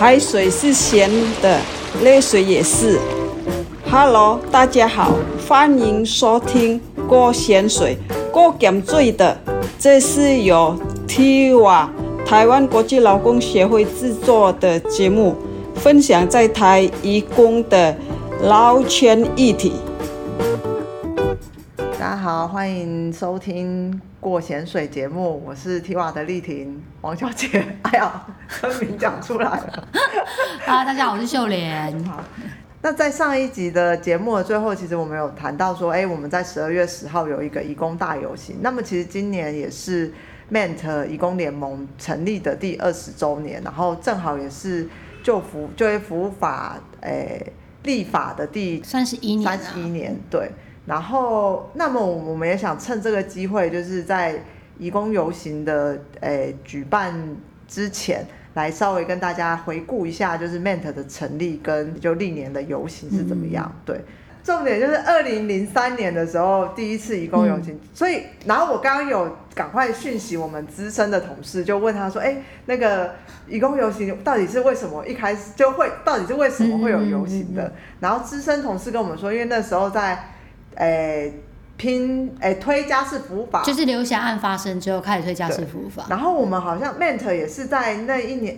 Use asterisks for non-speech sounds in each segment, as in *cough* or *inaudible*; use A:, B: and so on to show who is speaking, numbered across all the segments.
A: 海水是鹹的，淚水也是。Hello，大家好，歡迎收聽《過鹹水，過鹹罪的，這是由 TIWA 台灣國際勞工協會製作的節目，分享在台移工的勞權議題。好，歡迎收聽《過鹹水》節目，我是提瓦的麗婷，王小姐，哎呀，分明講出來了、 *laughs* 啊。大家好，我是秀蓮。好， *laughs* 那在上一集的節目的最後，其實我們有談到說，哎，我們在十二月十號有一個移工大遊行。那麼，其實今年也是 MENT 移工聯盟成立的第二十周年，然後正好也是就服就業服務法、哎、立法的第三十一年，三十一年，對。然後，那麼我們也想趁這個機會，就是在移工遊行的誒舉辦之前，來稍微跟大家回顧一下，就是 MENT 的成立跟就歷年的遊行是怎麼樣。嗯、對，重點就是二零零三年的時候第一次移工遊行。嗯、所以，然後我剛剛有趕快訊息我們資深的同事，就問他說：“哎，那個移工遊行到底是為什麼一開始就會？到底是為什麼會有遊行的？”嗯嗯嗯嗯、然後資深同事跟我們說，因為那時候在。誒、欸，拼誒、欸、推家事服務法，就是劉俠案發生之後開始推家事服務法。然後我們好像 MENT 也是在那一年，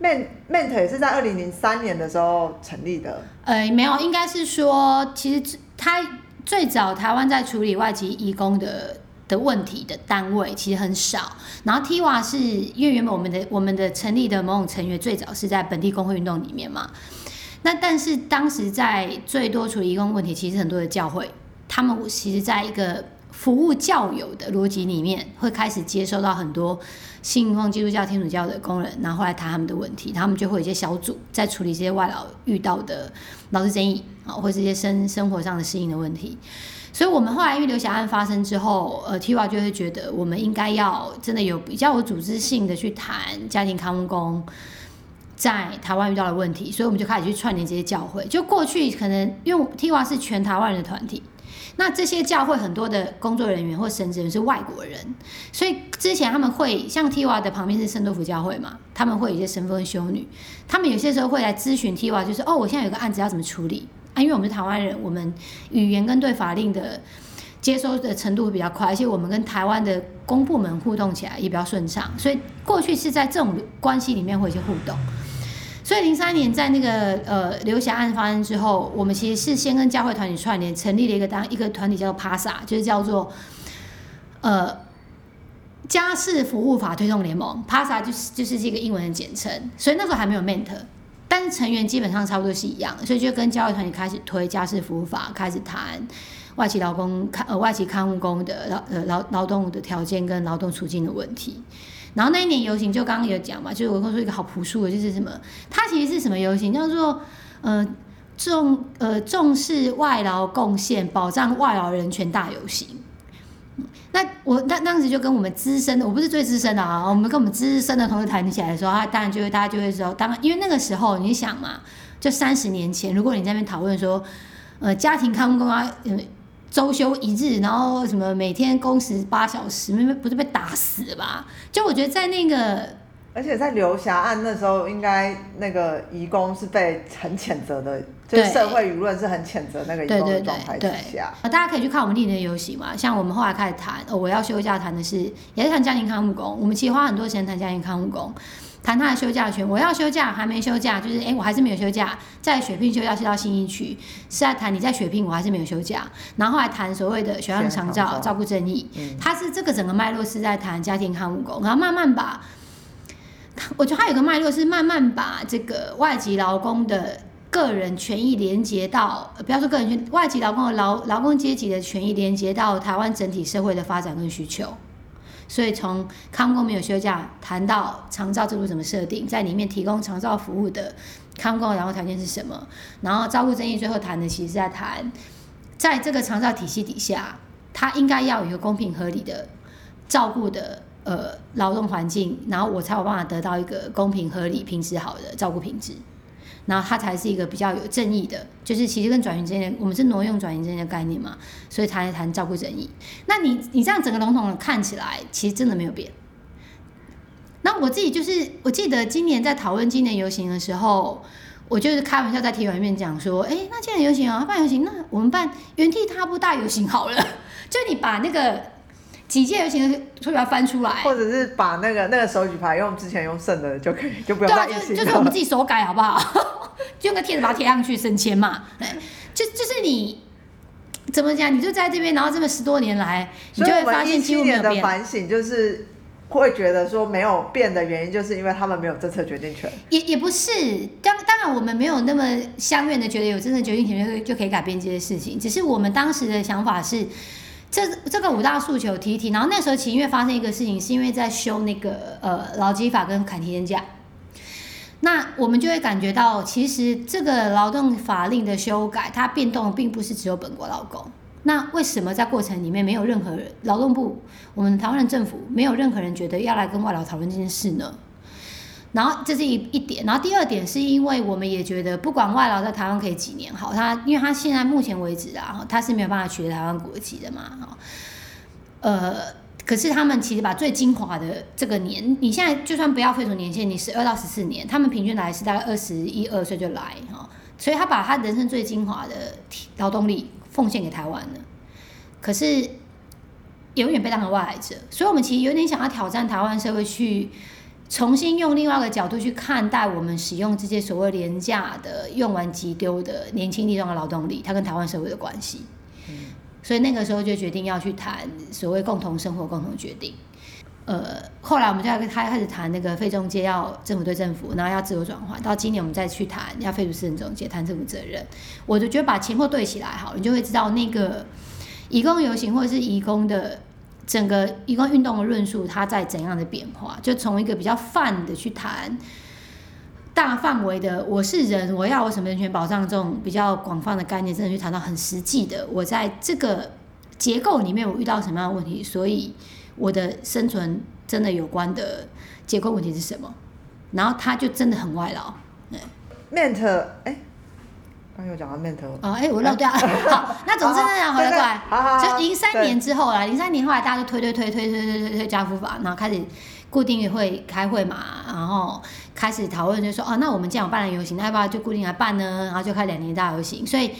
A: 誒，MENT MENT 也是在二零零三年的時候成立的。
B: 呃、欸，沒有，應該是說，其實他最早台灣在處理外籍移工的的問題的單位其實很少。然後 TIWA 是因為原本我們的我們的成立的某種成員最早是在本地工會運動裡面嘛。那但是當時在最多處理移工問題，其實很多的教會。他們其實，在一個服務教友的邏輯裡面，會開始接收到很多信奉基督教、天主教的工人，然後，後來談他們的問題。他們就會有一些小組，在處理這些外勞遇到的勞資爭議啊，或這些生生活上的適應的問題。所以，我們後來因為劉俠案發生之後，呃，TIWA 就會覺得，我們應該要真的有比較有組織性的去談家庭看護工在台灣遇到的問題。所以，我們就開始去串聯這些教會。就過去可能，因為 TIWA 是全台灣人的團體。那這些教會很多的工作人員或神職人是外國人，所以之前他們會像梯娃的旁邊是聖多福教會嘛，他們會有一些神父修女，他們有些時候會來諮詢梯娃，就是哦，我現在有個案子要怎麼處理啊？因為我們是台灣人，我們語言跟對法令的接收的程度會比較快，而且我們跟台灣的公部門互動起來也比較順暢，所以過去是在這種關係裡面會有一些互動。所以零三年在那個呃劉俠案發生之後，我們其實是先跟教會團體串聯，成立了一個當一個團體叫做 PASA，就是叫做呃家事服務法推動聯盟。PASA 就是就是一個英文的簡稱，所以那時候還沒有 MENT，or, 但是成員基本上差不多是一樣，所以就跟教會團體開始推家事服務法，開始談外籍勞工看呃外籍看護工的勞呃勞勞動的條件跟勞動處境的問題。然後那一年遊行就剛剛有講嘛，就我跟說一個好樸素的，就是什麼，它其實是什麼遊行叫做，呃重呃重視外勞貢獻，保障外勞人權大遊行。那我那,那當時就跟我們資深的，我不是最資深的啊，我們跟我們資深的同事談起來的時候，他、啊、當然就會大家就會說，當因為那個時候你想嘛，就三十年前，如果你在那邊討論說，呃家庭看護工啊。周休一
A: 日，然後什麼每天工時八小時，明明不是被打死吧？就我覺得在那個，而且在劉俠案那時候，應該那個移工是被很譴責的，對就是社會輿論是很譴責的那個移工的狀態之下對對對
B: 對、啊。大家可以去看我們歷年的遊行嘛，像我們後來開始談、哦，我要休假談的是，也是談家庭看護工，我們其實花很多時間談家庭看護工。談他的休假權，我要休假，還沒休假，就是哎、欸，我還是沒有休假，在血拼休假去到信義區，是在談你在血拼，我還是沒有休假。然後還談所謂的學校的長，長照常常照顧正義，嗯、他是這個整個脈絡是在談家庭看護工，然後慢慢把，嗯、我覺得他有個脈絡是慢慢把這個外籍勞工的個人權益連接到，不要說個人外籍勞工的勞勞工階級的權益連接到台灣整體社會的發展跟需求。所以從康工沒有休假談到長照制度怎麼設定，在裡面提供長照服務的康工的勞動條件是什麼？然後照顧正義最後談的，其實是在談，在這個長照體系底下，他應該要有一個公平合理的照顧的呃勞動環境，然後我才有辦法得到一個公平合理、品質好的照顧品質。然後他才是一個比較有正義的，就是其實跟轉型之間的，我們是挪用轉型之間的概念嘛，所以談一談照顧正義。那你你這樣整個籠統、統的看起來，其實真的沒有變。那我自己就是，我記得今年在討論今年遊行的時候，我就是開玩笑在提問面講說，哎，那今年遊行啊，他辦遊行，那我們辦原地踏步大遊行好了，
A: 就你把那個。幾屆遊行的會把它翻出來，或者是把那個那個手舉牌用，用之前用剩的就可以，就可以就不用再一起用了。對，就就是我們自己手改，好不好？就 *laughs* 用個貼
B: 紙把它貼上去，省錢嘛。對， *laughs* 就就是你怎麼講？你就在這邊，然後這
A: 麼十多年來，你就會發現其實我們年的反省就是會覺得說沒有變的原因，就是因為他們沒有政策決定權。
B: 也也不是，當當然我們沒有那麼相願的覺得有政策決定權就可以改變這些事情。只是我們當時的想法是。這這個五大訴求提一提，然後那時候其實因為發生一個事情，是因為在修那個呃勞基法跟砍七天假。那我們就會感覺到，其實這個勞動法令的修改，它變動並不是只有本國勞工。那為什麼在過程裡面沒有任何人，勞動部，我們台灣的政府沒有任何人覺得要來跟外勞討論這件事呢？然後這是一一點，然後第二點是因為我們也覺得，不管外勞在台灣可以幾年，好他，因為他現在目前為止啊，他是沒有辦法取得台灣國籍的嘛，哈、哦，呃，可是他們其實把最精華的這個年，你現在就算不要廢除年限，你十二到十四年，他們平均來是大概二十一二歲就來，哈、哦，所以他把他人生最精華的勞動力奉獻給台灣了，可是永遠被當成外來者，所以我們其實有點想要挑戰台灣社會去。重新用另外一個角度去看待我們使用這些所謂廉價的、用完即丟的年輕力壯的勞動力，他跟台灣社會的關係。嗯、所以那個時候就決定要去談所謂共同生活、共同決定。呃，後來我們就要開開始談那個廢中介，要政府對政府，然後要自由轉換。到今年我們再去談要廢除私人中介，談政府責任。我就覺得把前後對起來好了，你就會知道那個移工遊行或者是移工的。整個一個運動的論述，它在怎樣的變化？就從一個比較泛的去談，大範圍的我是人，我要我什麼人權保障這種比較廣泛的概念，真的去談到很實際的，我在這個結構裡面我遇到什麼樣的問題，所以我的生存真的有關的結構問題是什麼？然後他就真的很外勞，哎，MENT，哎。
A: 又講到 MENT 哎，我漏掉。好，那總之呢，家回來過來，就零三年
B: 之後啦。零三年後來大家就推推推推推推推家服法，然後開始固定會開會嘛，然後開始討論，就說哦，那我們既然有辦了遊行，那要不要就固定來辦呢？然後就開兩年大遊行。所以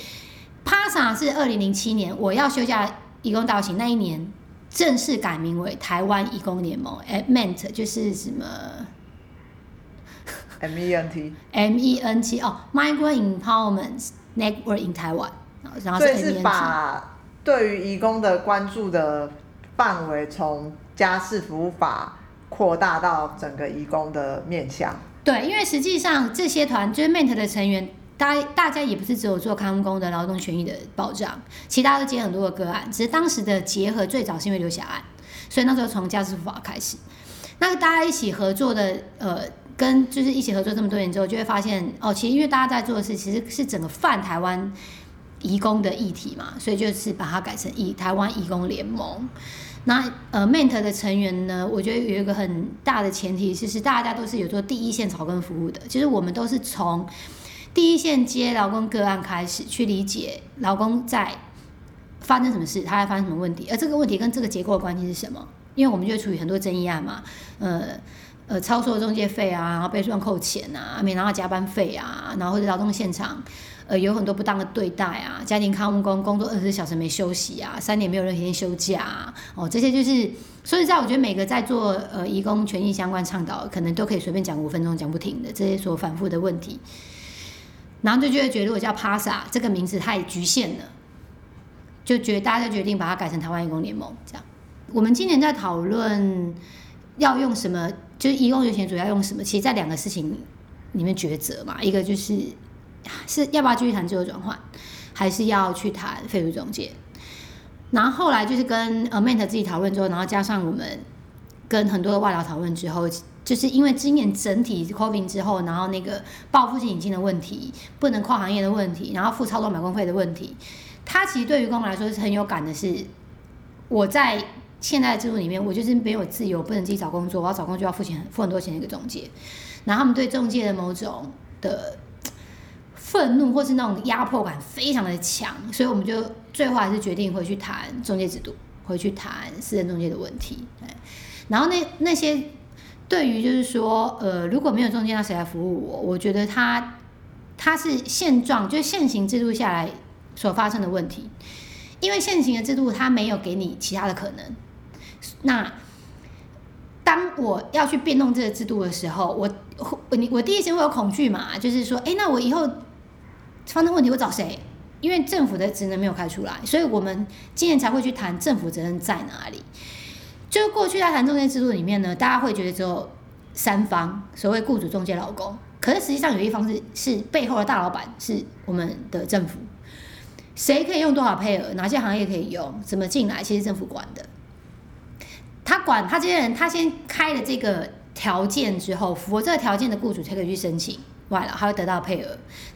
B: PASA 是二零零七年，我要休假移工大遊行那一年，正式改名為台灣移工聯盟。哎，MENT 就是什麼？M E N T M E N T 哦、oh，Migrant Empowerment Network in Taiwan，然後就是
A: M E N T。所以是把對於移工的關注的範圍從家事服務法擴大到整個移工的面向。
B: 對，因為實際上這些團，追、就是 M E N T 的成員，大家大家也不是只有做康工的勞動權益的保障，其他都接很多的個案。只是當時的結合最早是因為劉俠案，所以那時候從家事服務法開始，那大家一起合作的呃。跟就是一起合作這麼多年之後，就會發現哦，其實因為大家在做的事其實是整個泛台灣移工的議題嘛，所以就是把它改成以台灣移工聯盟。那呃，MENT 的成員呢，我覺得有一個很大的前提是，其實大家都是有做第一線草根服務的，就是我們都是從第一線接勞工個案開始，去理解勞工在發生什麼事，他在發生什麼問題，而這個問題跟這個結構的關係是什麼？因為我們就會處理很多爭議案嘛，呃。呃，超收中介費啊，然後被亂扣錢啊，沒拿到加班費啊，然後或者勞動現場，呃，有很多不當的對待啊，家庭看護工工作二十四小時沒休息啊，三年沒有任何一天休假啊，哦，這些就是，所以在我覺得每個在做呃移工權益相關倡導，可能都可以隨便講五分鐘講不停的這些所反複的問題，然後就覺得我如果叫 PASA 這個名字太局限了，就覺得大家就決定把它改成台灣移工聯盟這樣。我們今年在討論。要用什麼？就是一共有錢主要用什麼？其實，在兩個事情裡面抉擇嘛，一個就是是要不要繼續談自由轉換，還是要去談廢除仲介，然後後來就是跟 MENT 自己討論之後，然後加上我們跟很多的外勞討論之後，就是因為今年整體 COVID 之後，然後那個報復性引進的問題，不能跨行業的問題，然後付操作買工費的問題，他其實對於公們來說是很有感的是，是我在。現在的制度裡面，我就是沒有自由，不能自己找工作。我要找工作，就要付錢，付很多錢的一個中介。然後他們對中介的某種的憤怒，或是那種壓迫感非常的強，所以我們就最後還是決定回去談中介制度，回去談私人中介的問題。然後那那些對於就是說，呃，如果沒有中介，那誰來服務我？我覺得他他是現狀，就是現行制度下來所發生的問題。因為現行的制度，它沒有給你其他的可能。那當我要去變動這個制度的時候，我我你我第一時間會有恐懼嘛？就是說，哎、欸，那我以後發生問題我找誰？因為政府的職能沒有開出來，所以我們今年才會去談政府責任在哪裡。就過去在談中介制度裡面呢，大家會覺得只有三方，所謂雇主、中介、勞工，可是實際上有一方是是背後的大老闆，是我們的政府。誰可以用多少配額？哪些行業可以用？怎麼進來？其實政府管的。他管他這些人，他先開了這個條件之後，符合這個條件的雇主才可以去申請，外勞他會得到配額，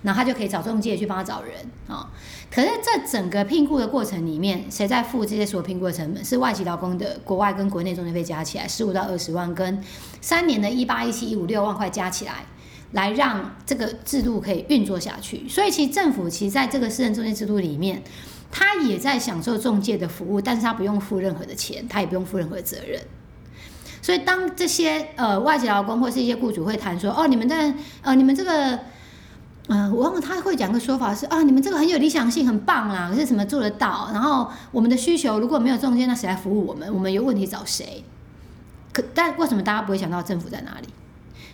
B: 然後他就可以找中介去幫他找人啊、哦。可是這整個聘雇的過程裡面，誰在付這些所有聘雇的成本？是外籍勞工的國外跟國內中介費加起來十五到二十萬跟，跟三年的一八一七一五六萬塊加起來，來讓這個制度可以運作下去。所以其實政府其實在這個私人中介制度裡面。他也在享受仲介的服務，但是他不用付任何的錢，他也不用負任何的責任。所以當這些呃外籍勞工或是一些雇主會談說，哦，你們在呃你們這個，嗯、呃，我忘了他會講個說法是啊、哦、你們這個很有理想性，很棒啊，可是什麼做得到？然後我們的需求如果沒有仲介，那誰來服務我們？我們有問題找誰？可但為什麼大家不會想到政府在哪裡？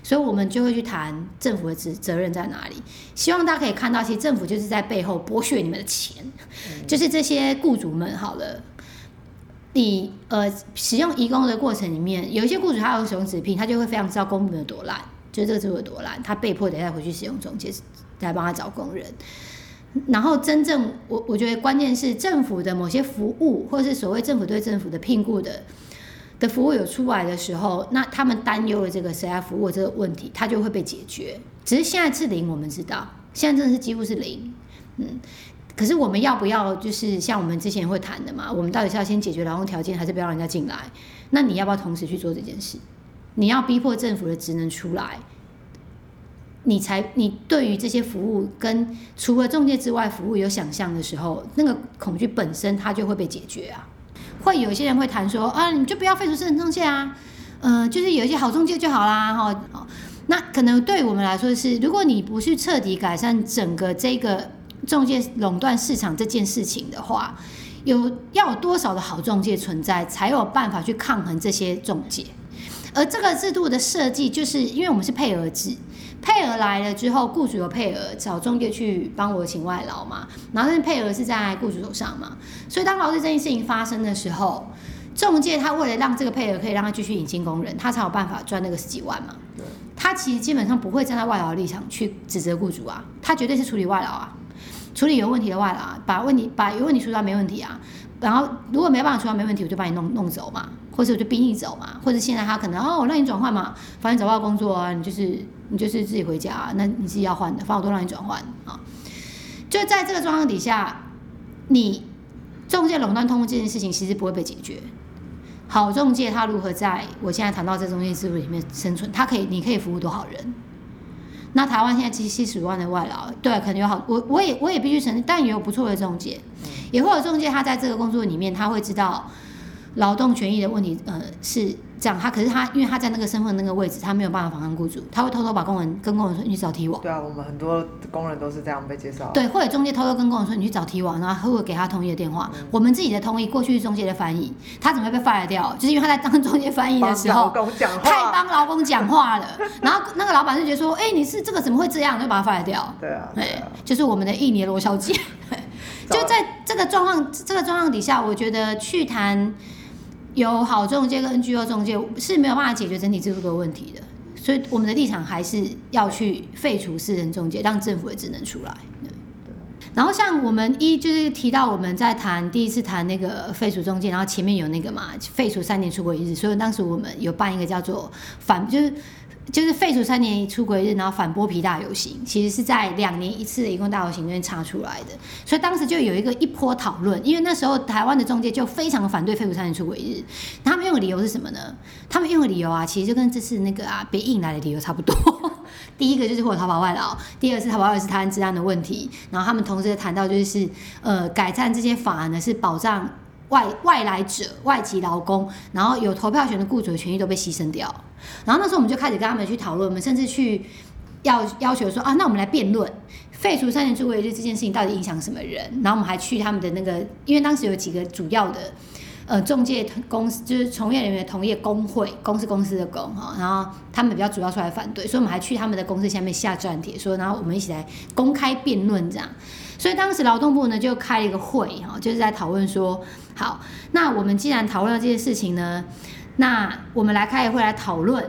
B: 所以，我們就會去談政府的責責任在哪裡。希望大家可以看到，其實政府就是在背後剝削你們的錢。就是這些雇主們，好了，你呃，使用移工的過程裡面，有一些雇主他有使用直聘，他就會非常知道工務有多爛，就是這個制度有多爛，他被迫得再回去使用中介來幫他找工人。然後，真正我我覺得關鍵是政府的某些服務，或是所謂政府對政府的聘雇的。的服務有出來的時候，那他們擔憂了這個誰來服務這個問題，它就會被解決。只是現在是零，我們知道，現在真的是幾乎是零，嗯。可是我們要不要就是像我們之前會談的嘛？我們到底是要先解決勞動條件，還是不要讓人家進來？那你要不要同時去做這件事？你要逼迫政府的職能出來，你才你對於這些服務跟除了中介之外服務有想象的時候，那個恐懼本身它就會被解決啊。會有一些人會談說啊，你就不要廢除私人中介啊，嗯、呃，就是有一些好中介就好啦，哈、哦，那可能對我們來說是，如果你不去徹底改善整個這個中介壟斷市場這件事情的話，有要有多少的好中介存在，才有辦法去抗衡這些中介。而這個制度的設計，就是因為我們是配額制，配額來了之後，雇主有配額，找中介，去幫我請外勞嘛，然後那配額是在雇主手上嘛，所以當勞資這件事情發生的時候，中介他為了讓這個配額可以讓他繼續引進工人，他才有辦法賺那個十幾萬嘛。他其實基本上不會站在外勞的立場去指責雇主啊，他絕對是處理外勞啊，處理有問題的外勞啊，把問題把有問題出到沒問題啊，然後如果沒辦法出到沒問題，我就把你弄弄走嘛。或者我就逼你走嘛，或者現在他可能哦，我讓你轉換嘛，反正找不到工作啊，你就是你就是自己回家。啊，那你自己要換的，反正我都讓你轉換啊、哦。就在這個狀況底下，你中介壟斷通過這件事情其實不會被解決。好，中介他如何在我現在談到這中介制度裡面生存？他可以，你可以服務多少人？那台灣現在七七十萬的外勞，對，可能有好，我我也我也必須承認，但也有不錯的中介，嗯、也會有中介，他在這個工作裡面他會知道。勞動權益的問題，呃，是這樣。他可是他，因為他在那個身份、那個位置，他沒有辦法反抗雇主。他會偷偷把工人跟工人說：“你去找提網。”
A: 對啊，我們很多工人都是這樣被介
B: 紹。對，或者中介偷偷跟工人說：“你去找提網。”然後他會給他同意的電話。嗯、我們自己的同意，過去是中介的翻譯。他怎麼會被 fire 掉？就是因為他在當中介翻譯的時候，幫老公講太幫勞工講話了。 *laughs* 然後那個老板就覺得說：“哎、欸，你是這個怎麼會這樣？”就把他 fire 掉對、啊。對啊，對，就是我們的印尼羅小姐， *laughs* 就在這個狀況、了這個狀況底下，我覺得去談。有好中介跟 NGO 中介是沒有辦法解決整體制度的問題的，所以我們的立場還是要去廢除私人中介，讓政府的職能出來。對，然後像我們一就是提到我們在談第一次談那個廢除中介，然後前面有那個嘛廢除三年出國一日，所以當時我們有辦一個叫做反就是。就是廢除三年出國日，然後反剝皮大遊行，其實是在兩年一次的移工大遊行中間插出來的，所以當時就有一個一波討論，因為那時候台灣的仲介就非常反對廢除三年出國日，他們用的理由是什麼呢？他們用的理由啊，其實就跟這次那個啊別硬來的理由差不多， *laughs* 第一個就是會有逃跑外勞，第二是逃跑外勞是台灣治安的問題，然後他們同時談到就是呃改善這些法案呢是保障。外外來者、外籍勞工，然後有投票權的雇主的權益都被犧牲掉。然後那時候我們就開始跟他們去討論，我們甚至去要要求說啊，那我們來辯論廢除三年出國一日這件事情到底影響什麼人？然後我們還去他們的那個，因為當時有幾個主要的呃仲介公司，就是從業人員的同業公會，公司公司的工哈、喔，然後他們比較主要出來反對，所以我們還去他們的公司下面下戰帖說，然後我們一起來公開辯論這樣。所以當時勞動部呢就開一個會，哈、喔，就是在討論說，好，那我們既然討論了這件事情呢，那我們來開個會來討論，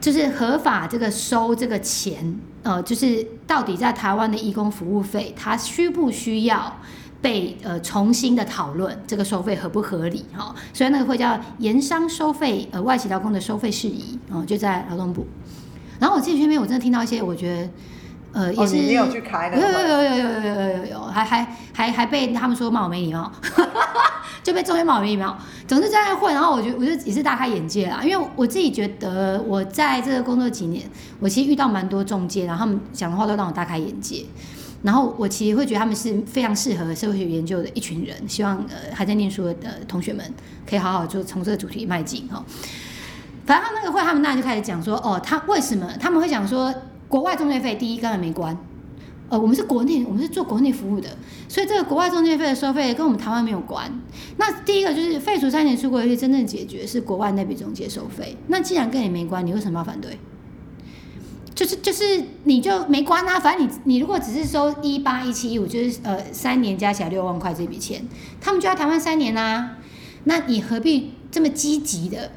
B: 就是合法這個收這個錢，呃，就是到底在台灣的移工服務費，它需不需要被呃重新的討論這個收費合不合理，哈、喔。所以那個會叫“研商收費”呃外籍勞工的收費事宜，哦、喔，就在勞動部。然後我自己身邊我真的聽到一些我覺得。呃，哦、也是沒有有有有有有有有有，還還還還被他們說罵我沒禮貌， *laughs* 就被中介罵我沒禮貌。總之在那會，然後我就我就也是大開眼界啦，因為我自己覺得我在這個工作幾年，我其實遇到蠻多中介，然後他們講的話都讓我大開眼界。然後我其實會覺得他們是非常適合社會學研究的一群人。希望呃還在念書的、呃、同學們可以好好就從這個主題邁進哦。反正那個會他們那就開始講說，哦、喔，他為什麼他們會講說。國外中介費第一，根本沒關。呃，我們是國內，我們是做國內服務的，所以這個國外中介費的收費跟我們台灣沒有關。那第一個就是廢除三年出國遊戲，真正解決是國外那筆中介收費。那既然跟你沒關，你為什麼要反對？就是就是你就沒關啊，反正你你如果只是收一八一七一五，就是呃三年加起來六萬塊這筆錢，他們就在台灣三年啊。那你何必這麼積極的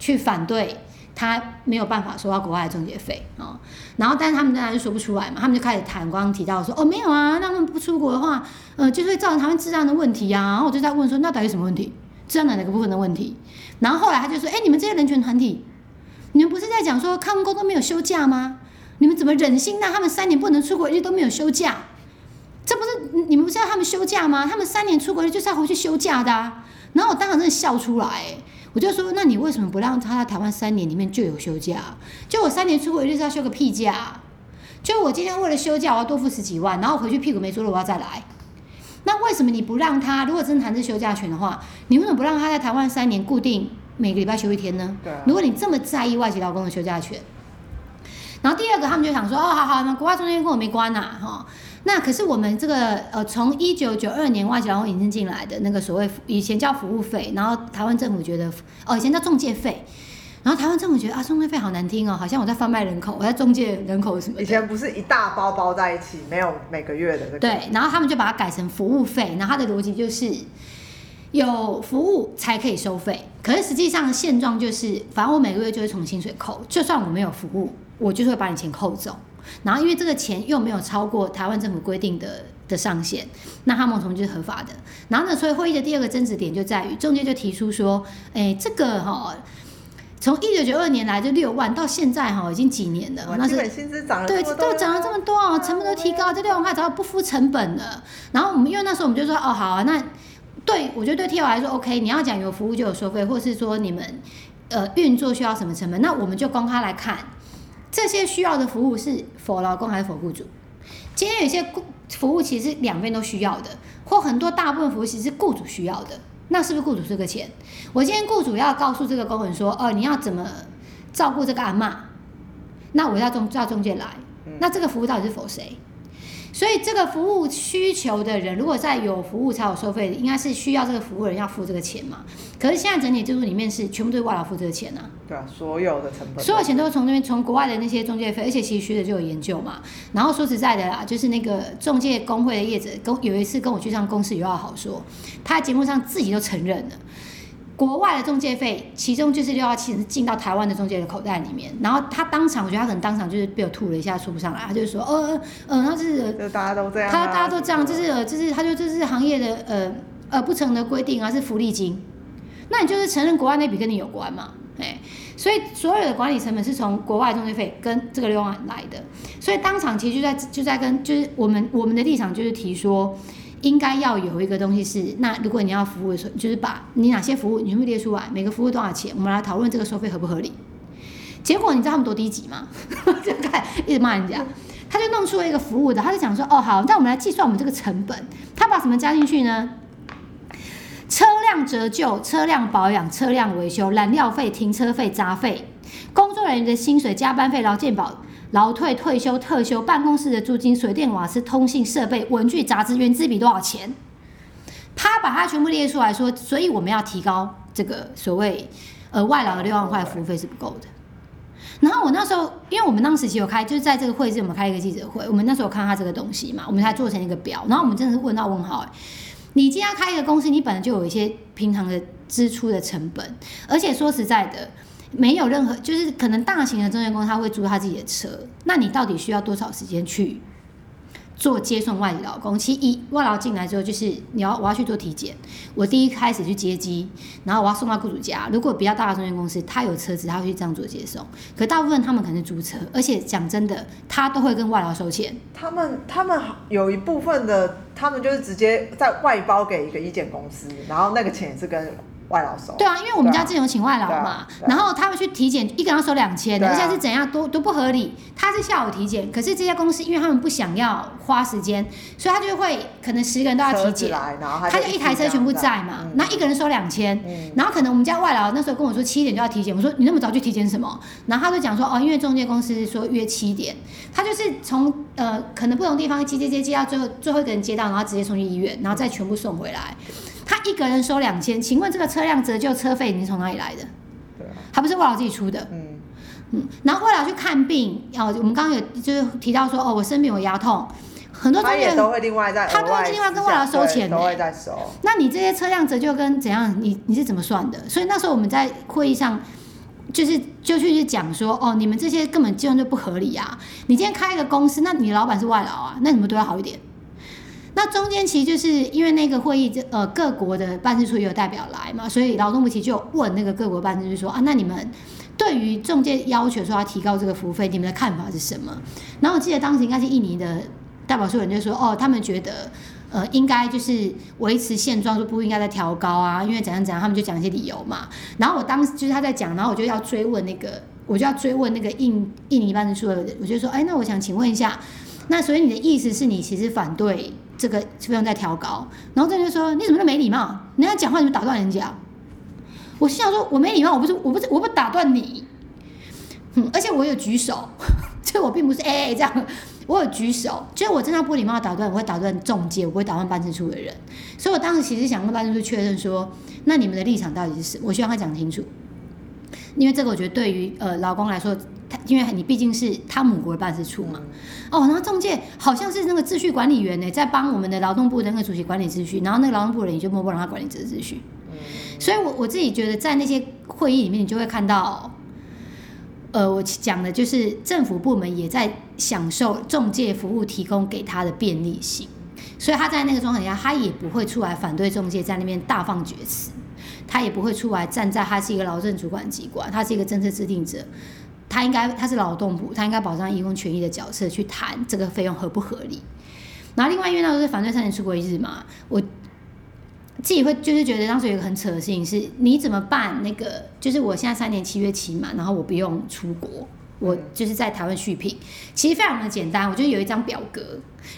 B: 去反對？他沒有辦法收到國外的中介費啊，然、哦、後但是他們當然就說不出來嘛，他們就開始談，剛剛提到說哦沒有啊，他們不出國的話，呃，就是，會造成他們治安的問題啊。然後我就在問說，那到底什麼問題？治安的哪個部分的問題？然後後來他就說，哎，欸，你們這些人權團體，你們不是在講說康公都沒有休假嗎？你們怎麼忍心讓他們三年不能出國，而且都沒有休假？這不是你們不是要他們休假嗎？他們三年出國了就是要回去休假的啊。然後我當場真的笑出來，欸。我就說，那你為什麼不讓他在台灣三年裡面就有休假？就我三年出國，一是要休個屁假？就我今天為了休假，我要多付十幾萬，然後回去屁股沒坐熱，我要再來。那為什麼你不讓他？如果真談這休假權的話，你為什麼不讓他在台灣三年固定每個禮拜休一天呢？對、啊，如果你這麼在意外籍勞工的休假權，然後第二個他們就想說，哦，好好，那國外仲介跟我沒關呐、啊，哈、哦。那可是我們這個呃，從一九九二年外籍勞工引進進來的那個所謂以前叫服務費，然後台灣政府覺得哦，以前叫仲介費，然後台灣政府覺得啊，仲介費好難聽哦，好像我在販賣人口，我在中介人口什麼？以前
A: 不是一大包包在一起，沒有每個月的、這個、對，
B: 然後他們就把它改成服務費，然後他的邏輯就是有服務才可以收費。可是實際上的現狀就是，反正我每個月就會從薪水扣，就算我沒有服務，我就是會把你錢扣走。然後，因為這個錢又沒有超過台灣政府規定的的上限，那他們從就是合法的。然後呢，所以會議的第二個爭執點就在於，仲介就提出說，哎，這個哈、哦，從一九九二年來就六萬，到現在哈、哦，已經幾年了，哇那是
A: 時薪資漲了，對，都漲
B: 了這麼多，麼多啊、成本都提高，啊、這六萬塊早不敷成本了。然後我們因為那時候我們就說，哦，好啊，那對我覺得對 T O 來說 O、OK, K，你要講有服務就有收費，或是說你們呃運作需要什麼成本，那我們就公開來看。這些需要的服務是 for 勞工還是 for 雇主？今天有些服服務其實兩邊都需要的，或很多大部分服務其實是雇主需要的，那是不是雇主這個錢？我今天雇主要告訴這個工人說：“哦、呃，你要怎麼照顧這個阿媽？”那我要中叫中介來，那這個服務到底是 for 誰？所以這個服務需求的人，如果在有服務才有收費，應該是需要這個服務人要付這個錢嘛。可是現在整體制度裡面是全部都是外勞付這個錢吶、啊。對
A: 啊，所有的成本，所有錢
B: 都是從那邊，從國外的那些中介費。而且其實學者就有研究嘛。然後說實在的啦，就是那個中介工會的業者跟有一次跟我去上公司有話好說，他在節目上自己都承認了。國外的仲介費，其中就是六萬七，是進到台灣的仲介的口袋裡面。然後他當場，我覺得他可能當場就是被我吐了一下，說不上來。他就說，呃呃，就、呃、是大、啊，大家都這
A: 樣，他大家都
B: 這樣，就是就是，他、呃、就這是行業的呃呃不成的規定啊，是福利金。那你就是承認國外那筆跟你有關嘛？哎，所以所有的管理成本是從國外仲介費跟這個六萬來的。所以當場其實就在就在跟，就是我們我們的立場就是提說。應該要有一個東西是，那如果你要服務的時候，就是把你哪些服務，你會列出來，每個服務多少錢，我們來討論這個收費合不合理。結果你知道他們多低級嗎？就 *laughs* 看一直罵人家，他就弄出了一個服務的，他就講說：“哦，好，那我們來計算我們這個成本。”他把什麼加進去呢？車輛折舊、車輛保養、車輛維修、燃料費、停車費、雜費、工作人員的薪水、加班費、勞健保。勞退、退休、特休、辦公室的租金、水電瓦斯、通信設備、文具、雜誌，原資比多少錢？他把它全部列出來說，所以我們要提高這個所謂呃外勞的六萬塊服務費是不夠的。然後我那時候，因為我們當時其實有開，就是在這個會議室我們開一個記者會，我們那時候看他這個東西嘛，我們才做成一個表。然後我們真的是問到問號、欸，你今天開一個公司，你本來就有一些平常的支出的成本，而且說實在的。沒有任何，就是可能大型的中介公司他會租他自己的車。那你到底需要多少時間去做接送外勞工？其實一外勞進來之後，就是你要我要去做體檢，我第一開始去接機，然後我要送到雇主家。如果比較大的中介公司，他有車子，他會去這樣做接送。
A: 可大部分他們可能是租車，而且講真的，他都會跟外勞收錢。他們他們有一部分的，他們就是直接在外包給一個體檢公司，然後那個錢是跟。外勞收。對啊，因為我們家之前
B: 有請外勞嘛，啊啊啊、然後他們去體檢，一個人要收兩千、啊，而且是怎樣都都不合理。他是下午體檢，可是這家公司因為他們不想要花時間，所以他就會可能十個人都要體檢，他就，他就一台車全部在嘛，那、嗯、一個人收兩千、嗯，然後可能我們家外勞那時候跟我說七點就要體檢，我說你那麼早去體檢什麼？然後他就講說哦，因為中介公司說約七點，他就是從呃可能不同地方接，接接接接到最後最後一個人接到，然後直接送去醫院，然後再全部送回來。嗯。他一個人收兩千，請問這個車輛折舊車費你是從哪裡來的？對，還不是外勞自己出的。嗯嗯，然後外勞去看病，哦，我們剛剛有就是提到說，哦，我生病我牙痛，很多專員他都會
A: 另外再，他都會另外跟外勞收錢。的。都會再收。欸，
B: 那你這些車輛折舊跟怎樣，你你是怎麼算的？所以那時候我們在會議上、就是，就是就去講說，哦，你們這些根本基本就不合理啊！你今天開一個公司，那你的老闆是外勞啊，那你們都要好一點。那中間其實就是因為那個會議，這呃各國的辦事處也有代表來嘛，所以勞動部其實就問那個各國辦事處說啊，那你們對於仲介要求說要提高這個服務費，你們的看法是什麼？然後我記得當時應該是印尼的代表處的人就說哦，他們覺得呃應該就是維持現狀，說不應該再調高啊，因為怎樣怎樣，他們就講一些理由嘛。然後我當時就是他在講，然後我就要追問那個，我就要追問那個印印尼辦事處的人，我就說，哎、欸，那我想請問一下，那所以你的意思是你其實反對？這個是不用再調高，然後這人就說：“你怎麼那麼沒禮貌？人家講話你就打斷人家？”我心想說：“我沒禮貌，我不是，我不是，我不打斷你。嗯，而且我有舉手，所以我並不是哎、欸、這樣。我有舉手，就我真的不禮貌打斷，我會打斷仲介，我不會打斷辦事處的人。所以，我當時其實想跟辦事處確認說，那你們的立場到底是什麼？我希望他講清楚，因為這個我覺得對於呃勞工來說。”因為你畢竟是他母國的辦事處嘛，哦，然後仲介好像是那個秩序管理員呢、欸，在幫我們的勞動部的那個主席管理秩序，然後那個勞動部人也就莫不讓他管理這個秩序。所以我，我我自己覺得，在那些會議裡面，你就會看到，呃，我講的就是政府部門也在享受仲介服務提供給他的便利性，所以他在那個狀態下，他也不會出來反對仲介在那邊大放厥詞，他也不會出來站在他是一個勞政主管機關，他是一個政策制定者。他應該，他是勞動部，他應該保障移工權益的角色去談這個費用合不合理。然後另外因為，那是反對三年出國日嘛，我自己會就是覺得當時有一個很扯的事情是，你怎麼辦那個，就是我現在三年七月期滿嘛，然後我不用出國，我就是在台灣續聘，其實非常的簡單，我就有一張表格，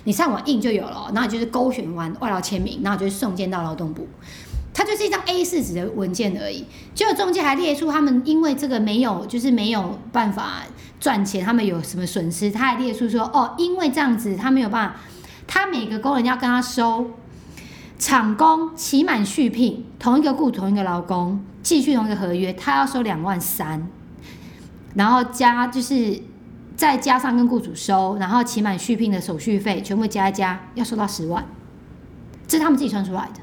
B: 你上網印就有了，然後就是勾選完外勞簽名，然後就是送件到勞動部。它就是一張 A4 紙的文件而已，結果中介還列出他們因為這個沒有，就是沒有辦法賺錢，他們有什麼損失，他還列出說哦，因為這樣子他沒有辦法，他每個工人要跟他收廠工期滿續聘同一個雇同一個勞工繼續同一個合約，他要收兩萬三，然後加就是再加上跟雇主收，然後期滿續聘的手續費全部加一加，要收到十萬，這是他們自己算出來的。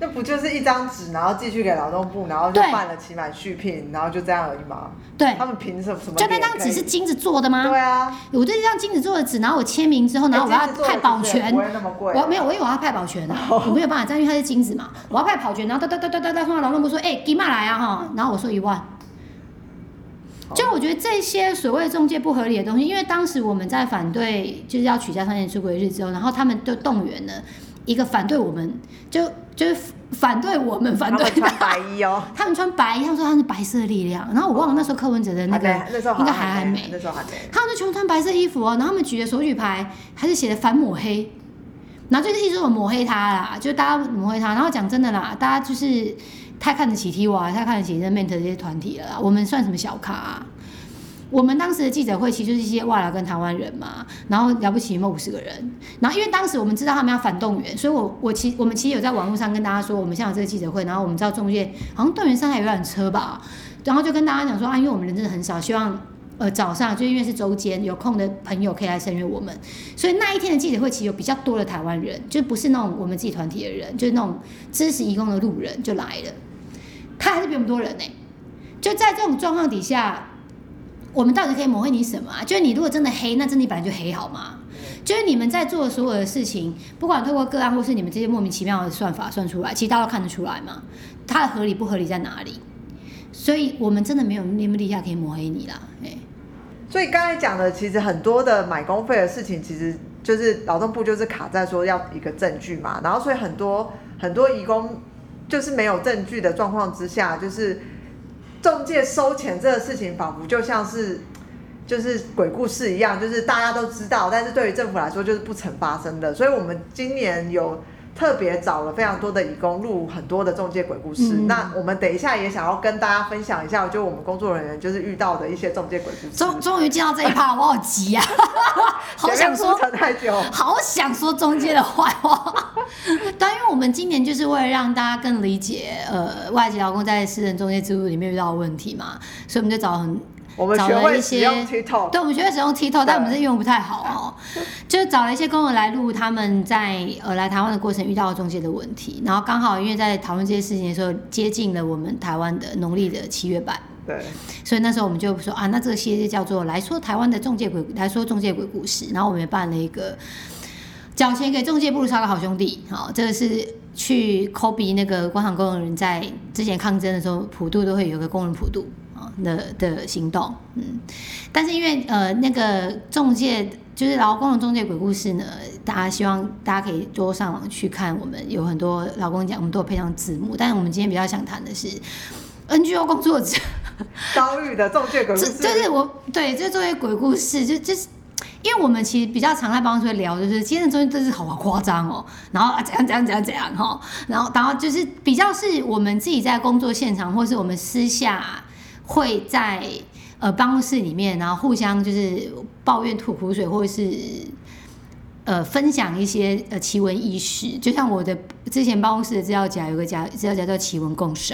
A: 那不就是一張紙，然後寄去給勞動部，然後就辦了期滿續聘，然後就這樣而已嗎？對，他們憑什麼？就那張紙是金
B: 子做的嗎？對啊，我對這張金子做的紙，然後我簽名之後，然後我要派保全，我沒有，我因為我要派保全，我沒有辦法，因為它是金子嘛，我要派保全，然後噠噠噠噠噠送到勞動部說，哎，給媽來啊哈，然後我說一萬。就我覺得這些所謂的中介不合理的東西，因為當時我們在反對就是要取消三年出國日之後，然後他們都動員了。一個反對我們，就就是反對我們，反對他。他白衣哦、喔，他們穿白衣，他們說他是白色的力量。然後我忘了那時候柯文哲的那個，那時候應該還很 Okay. 美。那時候還沒，他們就全部穿白色衣服哦，然後他們舉的手舉牌，還是寫的反抹黑。然後這個意思是我抹黑他啦，就大家抹黑他。然後講真的啦，大家就是太看得起 TIWA 太看得起 MENT 這些團體了啦。我們算什麼小咖、啊？我們當時的記者會其實就是一些外來跟台灣人嘛，然後了不起沒五十個人，然後因為當時我們知道他們要反動員，所以我我其我們其實有在網絡上跟大家說，我們現在有這個記者會，然後我們知道仲介好像動員上海有輛車吧，然後就跟大家講說啊，因為我們人真的很少，希望呃早上就因為是周間有空的朋友可以來聲援我們，所以那一天的記者會其實有比較多的台灣人，就是不是那種我們自己團體的人，就是那種知識移工的路人就來了，他還是比我們多人呢，欸，就在這種狀況底下。我們到底可以抹黑你什麼啊？就是你如果真的黑，那真的本來就黑，好嗎？就是你們在做所有的事情，不管透過個案或是你們這些莫名其妙的算法算出來，其實大家都看得出來嘛，它的合理不合理在哪裡？
A: 所以我們真的沒有那麼厲害可以抹黑你啦。欸，所以剛才講的，其實很多的買工費的事情，其實就是勞動部就是卡在說要一個證據嘛，然後所以很多很多移工就是沒有證據的狀況之下，就是。仲介收錢這個事情，仿彿就像是就是鬼故事一樣，就是大家都知道，但是對於政府來說就是不曾發生的。所以我們今年有。特別找了非常多的移工錄很多的仲介鬼故事，嗯、那我們等一下也想要跟大家分享一下，就我們工作人員就是遇到的一些仲介鬼故事。終終於見到這一趴， *laughs* 我好急啊， *laughs* 好想說， *laughs* 好
B: 想說仲介的壞話。 *laughs* *laughs* 但因為我們今年就是為了讓大家更理解，呃，外籍勞工在私人仲介之路裡面遇到的問題嘛，所以我們就找很。我
A: 們學會使用 TikTok, 找了一些，
B: 對，我們學會使用 TikTok，但我們這用不太好哦。對、喔，就找了一些工人來錄他們在呃來台灣的過程遇到的仲介的問題，然後剛好因為在討論這些事情的時候，接近了我們台灣的農曆的七月半，對，所以那時候我們就說啊，那這些就叫做來說台灣的仲介鬼來說仲介鬼故事，然後我們也辦了一個，繳錢給仲介不如殺個好兄弟，好、喔，這個是去科比那個關廠工人在之前抗爭的時候，普渡都會有個工人普渡。的的行動，嗯，但是因為呃，那個仲介就是勞工的仲介鬼故事呢，大家希望大家可以多上網去看。我們有很多勞工講，我們都有配上字幕。但是我們今天比較想談的是 NGO 工作者遭遇的仲介、， *laughs* 就是就是、仲介鬼故事，就是我對就是仲介鬼故事，就就是因為我們其實比較常在辦公室聊，就是今天的仲介真是好誇張哦。然後啊，怎樣怎樣怎樣怎樣哈、喔，然後然後就是比較是我們自己在工作現場，或是我們私下。會在呃辦公室裡面，然後互相就是抱怨吐苦水，或者是呃分享一些呃奇聞異事。就像我的之前辦公室的資料夾，有個夾資料夾叫“奇文共賞”，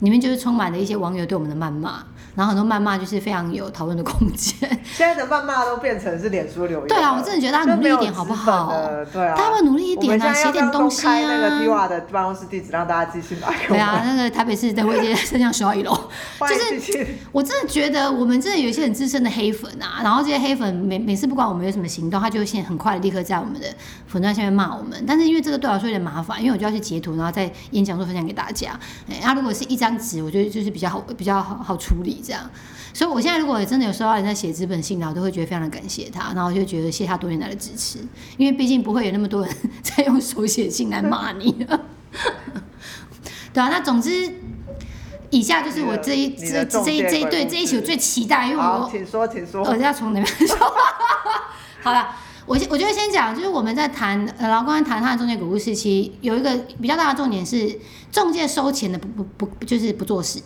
B: 裡面就是充滿了一些網友對我們的謾罵。然後很多謾罵就是非常有
A: 討論的空間。現在的謾罵都變成是臉書留言。對啊，我真的覺得大家努力一點好不好？對啊。他們努力一點，寫點東西啊。我們家要公開那個 D 瓦的辦公室地址，啊、讓大家寄信來給我們，對啊，那
B: 個台北市的我已經像享十一樓。 *laughs* 就是我真的覺得我們真的有一些很資深的黑粉啊，然後這些黑粉每每次不管我們有什麼行動，他就會先很快的立刻在我們的粉專下面罵我們。但是因為這個對我來說有點麻煩，因為我就要去截圖，然後在演講中分享給大家。他、哎啊、如果是一張紙，我覺得就是比較好，比較好好處理。這樣，所以我現在如果真的有收到人在寫資本信然後，我都會覺得非常的感謝他，然後我就覺得謝，謝他多年來的支持，因為畢竟不會有那麼多人在用手寫信來罵你。 *laughs* *laughs* 對啊，那總之，以下就是我這一的這一這一這一對這一集最期待，因為我請
A: 說，請說，我要
B: 從哪邊說？ *laughs* *laughs* 好了，我先我就先講，就是我們在談、呃，然後剛剛談的仲介鬼故事時期，有一個比較大的重點是，仲介收錢的不不不，就是不做事。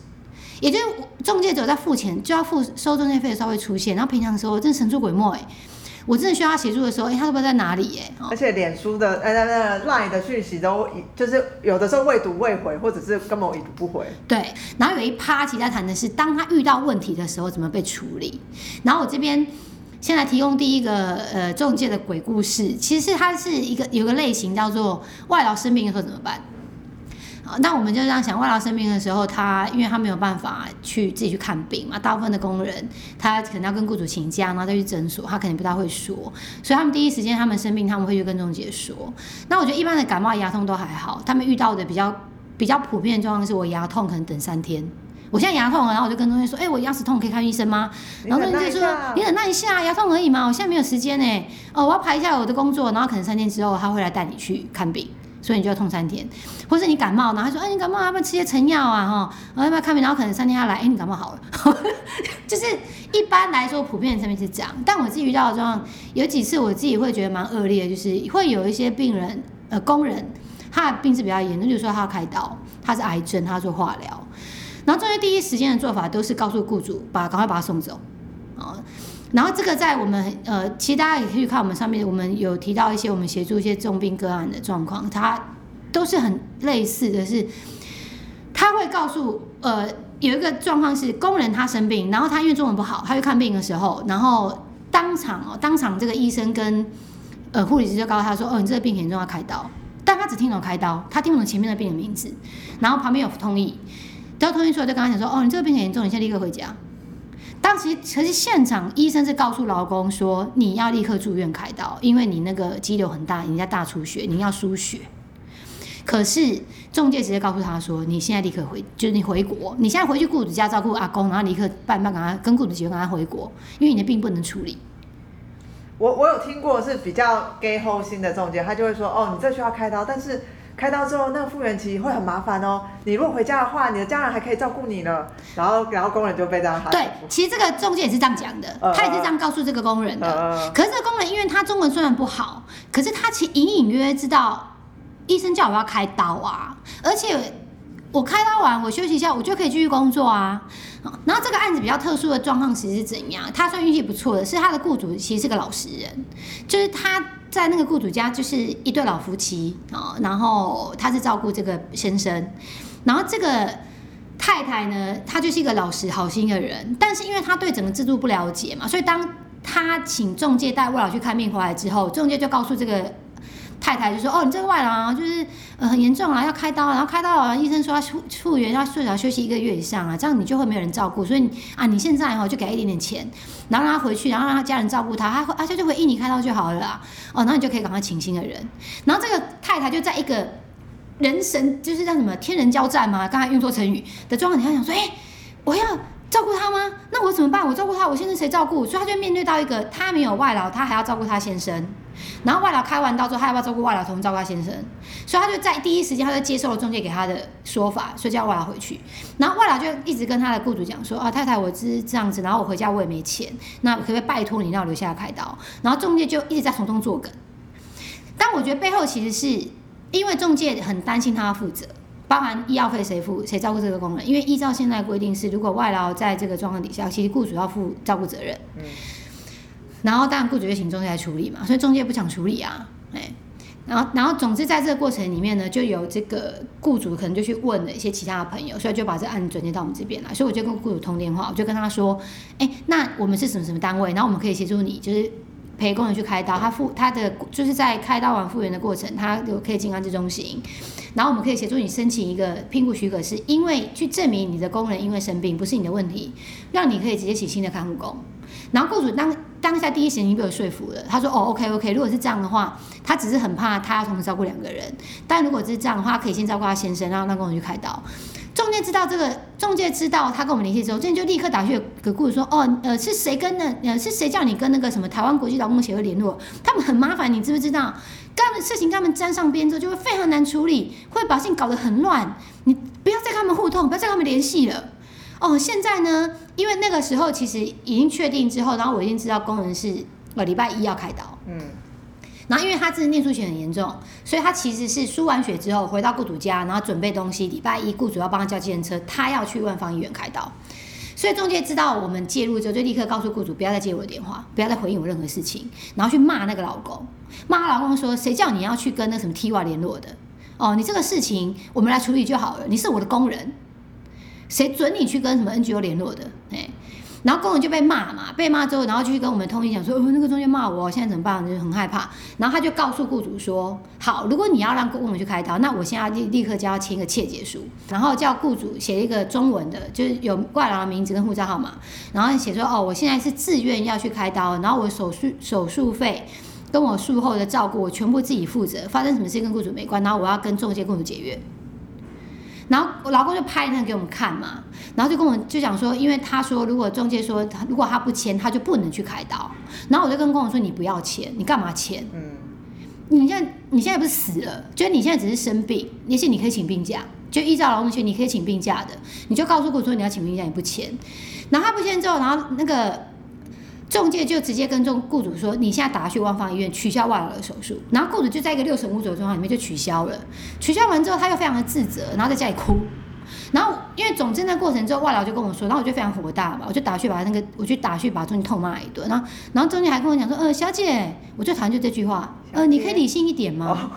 B: 也就是仲介者在付錢，就要付收仲介費的時候，會出現。然後平常的時候，我真的神出鬼沒哎、欸，我真的需要他協助的時候，哎、欸，他都不知道在哪裡、欸哦、哎。而且
A: 臉書的呃呃 line 的訊息都就是有的時候未讀未回，或者是根本已讀不回。
B: 對，然後有一趴，其他談的是當他遇到問題的時候怎麼被處理。然後我這邊先來提供第一個呃仲介的鬼故事，其實是它是一個有一個類型叫做外勞生病的時候怎麼辦？那我們就這樣想，外勞生病的時候，他因為他沒有辦法去自己去看病嘛，大部分的工人他可能要跟雇主請假，然後再去診所，他肯定不太會說，所以他們第一時間他們生病，他們會去跟中介說。那我覺得一般的感冒、牙痛都還好，他們遇到的比較比較普遍的狀況是，我牙痛可能等三天。我現在牙痛，然後我就跟中介說，哎、欸，我牙齒痛可以看醫生嗎？然後中介說，你忍耐一下，牙痛而已嘛，我現在沒有時間哎、欸，哦，我要排一下我的工作，然後可能三天之後他會來帶你去看病。所以你就要痛三天，或是你感冒，然後他說：“哎，你感冒要不要吃些成藥啊？哈，要不要看病？”然後可能三天他來，哎，你感冒好了。 *laughs* 就是一般來說，普遍的上面是這樣。但我自己遇到的狀況有幾次，我自己會覺得蠻惡劣的，就是會有一些病人呃，工人他的病是比較嚴重，那就是說他要開刀，他是癌症，他要做化療。然後仲介第一時間的做法都是告訴雇主把，把趕快把他送走。然後這個在我們呃，其實大家也可以看我們上面，我們有提到一些我們協助一些重病個案的狀況，他都是很類似的是，他會告訴呃，有一個狀況是工人他生病，然後他因為中文不好，他去看病的時候，然後當場當場這個醫生跟呃護理師就告訴他說，哦，你這個病很重，要開刀，但他只聽懂開刀，他聽不懂前面的病人名字，然後旁邊有通譯，然要通譯出來就跟他講說，哦，你這個病很嚴重，你先立刻回家。當時其實，其實現場醫生是告訴勞工說，你要立刻住院開刀，因為你那個肌瘤很大，你在大出血，你要輸血。可是仲介直接告訴他說，你現在立刻回，就是你回國，你現在回去雇主家照顧阿公，然後立刻辦辦個案，跟雇主解決，跟他回國，因為你的病不能處理。
A: 我我有聽過是比較 gay 好心的仲介，他就會說，哦，你這需要開刀，但是。開刀之後，那個復原期會很麻煩哦、喔。你如果回家的話，你的家人還可以照顧你呢。然後，然後工人就被這樣。對，其實這個仲介也是這樣講的，呃、他也是這樣告訴這個工人的。呃、可是這個工人，因為他中文雖然不好，呃、可是他
B: 其實隱隱約約知道，醫生叫我要開刀啊。而且我開刀完，我休息一下，我就可以繼續工作啊。然後這個案子比較特殊的狀況其實是怎樣？他算運氣不錯的是，他的雇主其實是個老實人，就是他。在那個雇主家，就是一對老夫妻啊，然後他是照顧這個先生，然後這個太太呢，她就是一個老實好心的人，但是因為她對整個制度不了解嘛，所以當他請仲介帶為老去看病回來之後，仲介就告訴這個。太太就說：“哦，你這個外勞、啊、就是呃很嚴重啊，要開刀、啊，然後開刀啊，醫生說要復復原，他他要至少休息一個月以上啊，這樣你就會沒有人照顧，所以你啊你現在哈、哦、就給他一點點錢，然後讓他回去，然後讓他家人照顧他，他他他就回印尼開刀就好了、啊，哦，然後你就可以趕快請新的人。然後這個太太就在一個人神，就是叫什麼天人交戰嘛，剛才用作成語的狀況，你還想說，哎、欸，我要照顧他嗎？那我怎麼辦？我照顧他，我先生誰照顧？所以他就面對到一個他沒有外勞，他還要照顧他先生。”然後外勞開完刀之後，他要不要照顧外勞同照顧他先生？所以他就在第一時間，他就接受了仲介給他的說法，所以叫外勞回去。然後外勞就一直跟他的雇主講說：“啊，太太，我是這樣子，然後我回家我也沒錢，那我可不可以拜託你讓我留下來開刀？”然後仲介就一直在從中作梗。但我覺得背後其實是因為仲介很擔心他要負責，包含醫藥費誰付、誰照顧這個工人。因為依照現在的規定是，如果外勞在這個狀況底下，其實雇主要負照顧責任。嗯。然後當然雇主就請中介來處理嘛，所以中介也不想處理啊，哎，然後然後總之在這個過程裡面呢，就有這個雇主可能就去問了一些其他的朋友，所以就把這案轉接到我們這邊來，所以我就跟雇主通電話，我就跟他說，哎、欸，那我們是什麼什麼單位，然後我們可以協助你，就是陪工人去開刀，他復他的就是在開刀完復原的過程，他就可以進安置中心，然後我們可以協助你申請一個聘雇許可是，是因為去證明你的工人因為生病不是你的問題，讓你可以直接請新的看護工。然後雇主當當下第一時間已經被我說服了，他說哦 OK OK，如果是這樣的話，他只是很怕他要同時照顧兩個人。但如果是這樣的話，可以先照顧他先生，然後讓跟我們去開刀。中介知道這個，中介知道他跟我們聯繫之後，中介就立刻打去給雇主說，哦，呃，是誰跟那呃是誰叫你跟那個什麼台灣國際勞工協會聯絡？他們很麻煩，你知不知道？跟他們事情跟他們沾上邊之後，就會非常難處理，會把事情搞得很亂。你不要再跟他們互動，不要再跟他們聯繫了。哦，現在呢，因為那個時候其實已經確定之後，然後我已經知道工人是呃禮拜一要開刀，嗯，然後因為他自己尿出血很嚴重，所以他其實是輸完血之後回到雇主家，然後準備東西，禮拜一雇主要幫他叫計程車，他要去萬芳醫院開刀。所以仲介知道我們介入之後，就立刻告訴雇主不要再接我的電話，不要再回應我任何事情，然後去罵那個老公，罵他老公說，誰叫你要去跟那什麼 TIWA 聯絡的？哦，你這個事情我們來處理就好了，你是我的工人。誰准你去跟什麼 NGO 聯絡的？哎，然後工人就被罵嘛，被罵之後，然後去跟我們通訊講說，呃，那個中介罵我，現在怎麼辦？就是很害怕。然後他就告訴雇主說，好，如果你要讓工人去開刀，那我現在立立刻就要簽一個切結書，然後叫雇主寫一個中文的，就是有外勞的名字跟護照號碼，然後寫說，哦，我現在是自願要去開刀，然後我手術手術費跟我術後的照顧我全部自己負責，發生什麼事跟雇主沒關，然後我要跟中介雇主解約。然後我老公就拍一張給我們看嘛，然後就跟我就講說，因為他說如果中介說他如果他不簽，他就不能去開刀。然後我就跟工公說：“你不要簽，你幹嘛簽？嗯，你現在你現在不是死了？就是你現在只是生病，那些你可以請病假，就依照勞動去你可以請病假的。你就告訴我說你要請病假，你不簽。然後他不簽之後，然後那個。仲介就直接跟中雇主說：“你現在打去萬芳醫院取消外勞的手術。”然後雇主就在一個六神無主的狀態裡面就取消了。取消完之後，他又非常的自責，然後在家裡哭。然後因為總之那過程之後，外勞就跟我說，然後我就非常火大嘛，我就打去把他那個，我去打去把仲介痛罵一頓。然後，然後仲介還跟我講說：“呃，小姐，我最討厭就這句話，呃，你可以理性一點嗎？”